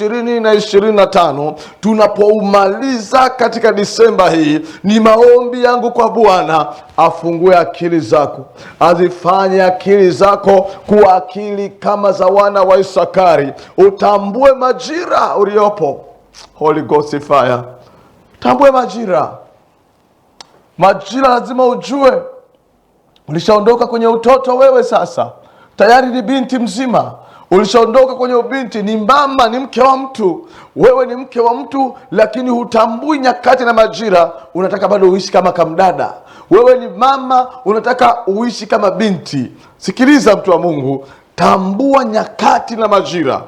ishirini na ishirini na tano tunapoumaliza katika Disemba hii, ni maombi yangu kwa Bwana afungue akili zako, azifanye akili zako kuwa akili kama za wana wa Isakari, utambue majira uliopo. Holy Ghost fire, tambue majira. Majira lazima ujue. Ulishaondoka kwenye utoto wewe, sasa tayari ni binti mzima ulishaondoka kwenye ubinti, ni mama, ni mke wa mtu, wewe ni mke wa mtu, lakini hutambui nyakati na majira. Unataka bado uishi kama kamdada, wewe ni mama, unataka uishi kama binti. Sikiliza mtu wa Mungu, tambua nyakati na majira.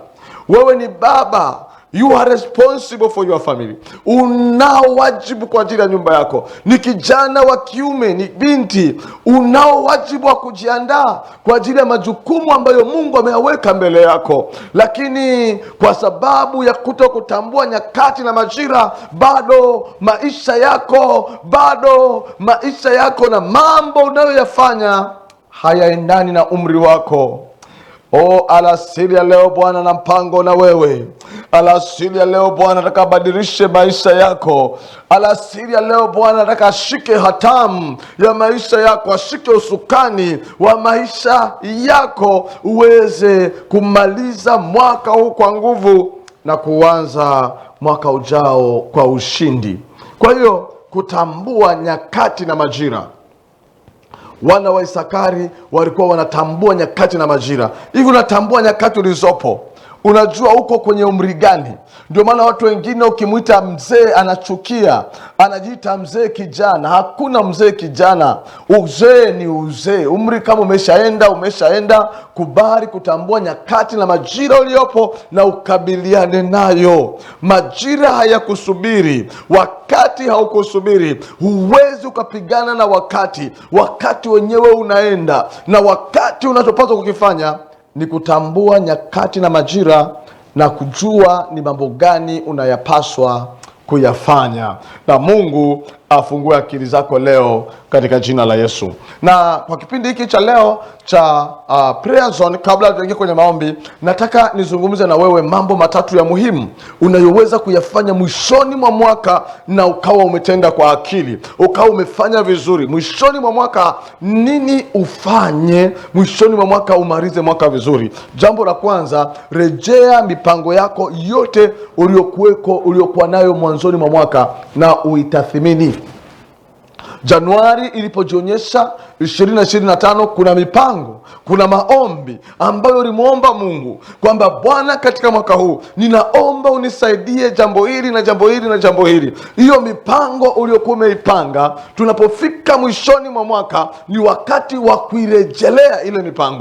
Wewe ni baba You are responsible for your family. Unao wajibu kwa ajili ya nyumba yako. Ni kijana wa kiume, ni binti, unao wajibu wa kujiandaa kwa ajili ya majukumu ambayo Mungu ameyaweka mbele yako, lakini kwa sababu ya kuto kutambua nyakati na majira, bado maisha yako, bado maisha yako na mambo unayoyafanya hayaendani na umri wako. O alasiri ya leo Bwana na mpango na wewe, alasiri ya leo Bwana nataka abadirishe maisha yako. Alasiri ya leo Bwana nataka ashike hatamu ya maisha yako, ashike usukani wa maisha yako, uweze kumaliza mwaka huu kwa nguvu na kuanza mwaka ujao kwa ushindi. Kwa hiyo kutambua nyakati na majira wana wa Isakari walikuwa wanatambua nyakati na majira. Hivi unatambua nyakati ulizopo unajua uko kwenye umri gani. Ndio maana watu wengine ukimwita mzee anachukia, anajiita mzee kijana. Hakuna mzee kijana, uzee ni uzee. Umri kama umeshaenda umeshaenda, kubali kutambua nyakati na majira uliopo na ukabiliane nayo. Majira hayakusubiri, wakati haukusubiri. Huwezi ukapigana na wakati, wakati wenyewe unaenda, na wakati unachopaswa kukifanya ni kutambua nyakati na majira na kujua ni mambo gani unayapaswa kuyafanya na Mungu afungue akili zako leo katika jina la Yesu. Na kwa kipindi hiki cha leo cha uh, prayer zone, kabla tuingie kwenye maombi, nataka nizungumze na wewe mambo matatu ya muhimu unayoweza kuyafanya mwishoni mwa mwaka na ukawa umetenda kwa akili, ukawa umefanya vizuri mwishoni mwa mwaka. Nini ufanye mwishoni mwa mwaka umalize mwaka vizuri? Jambo la kwanza, rejea mipango yako yote uliokuweko uliokuwa nayo mwanzoni mwa mwaka na uitathimini. Januari ilipojionyesha 2025, kuna mipango, kuna maombi ambayo ulimwomba Mungu kwamba Bwana, katika mwaka huu ninaomba unisaidie jambo hili na jambo hili na jambo hili. Hiyo mipango uliokuwa umeipanga, tunapofika mwishoni mwa mwaka ni wakati wa kuirejelea ile mipango.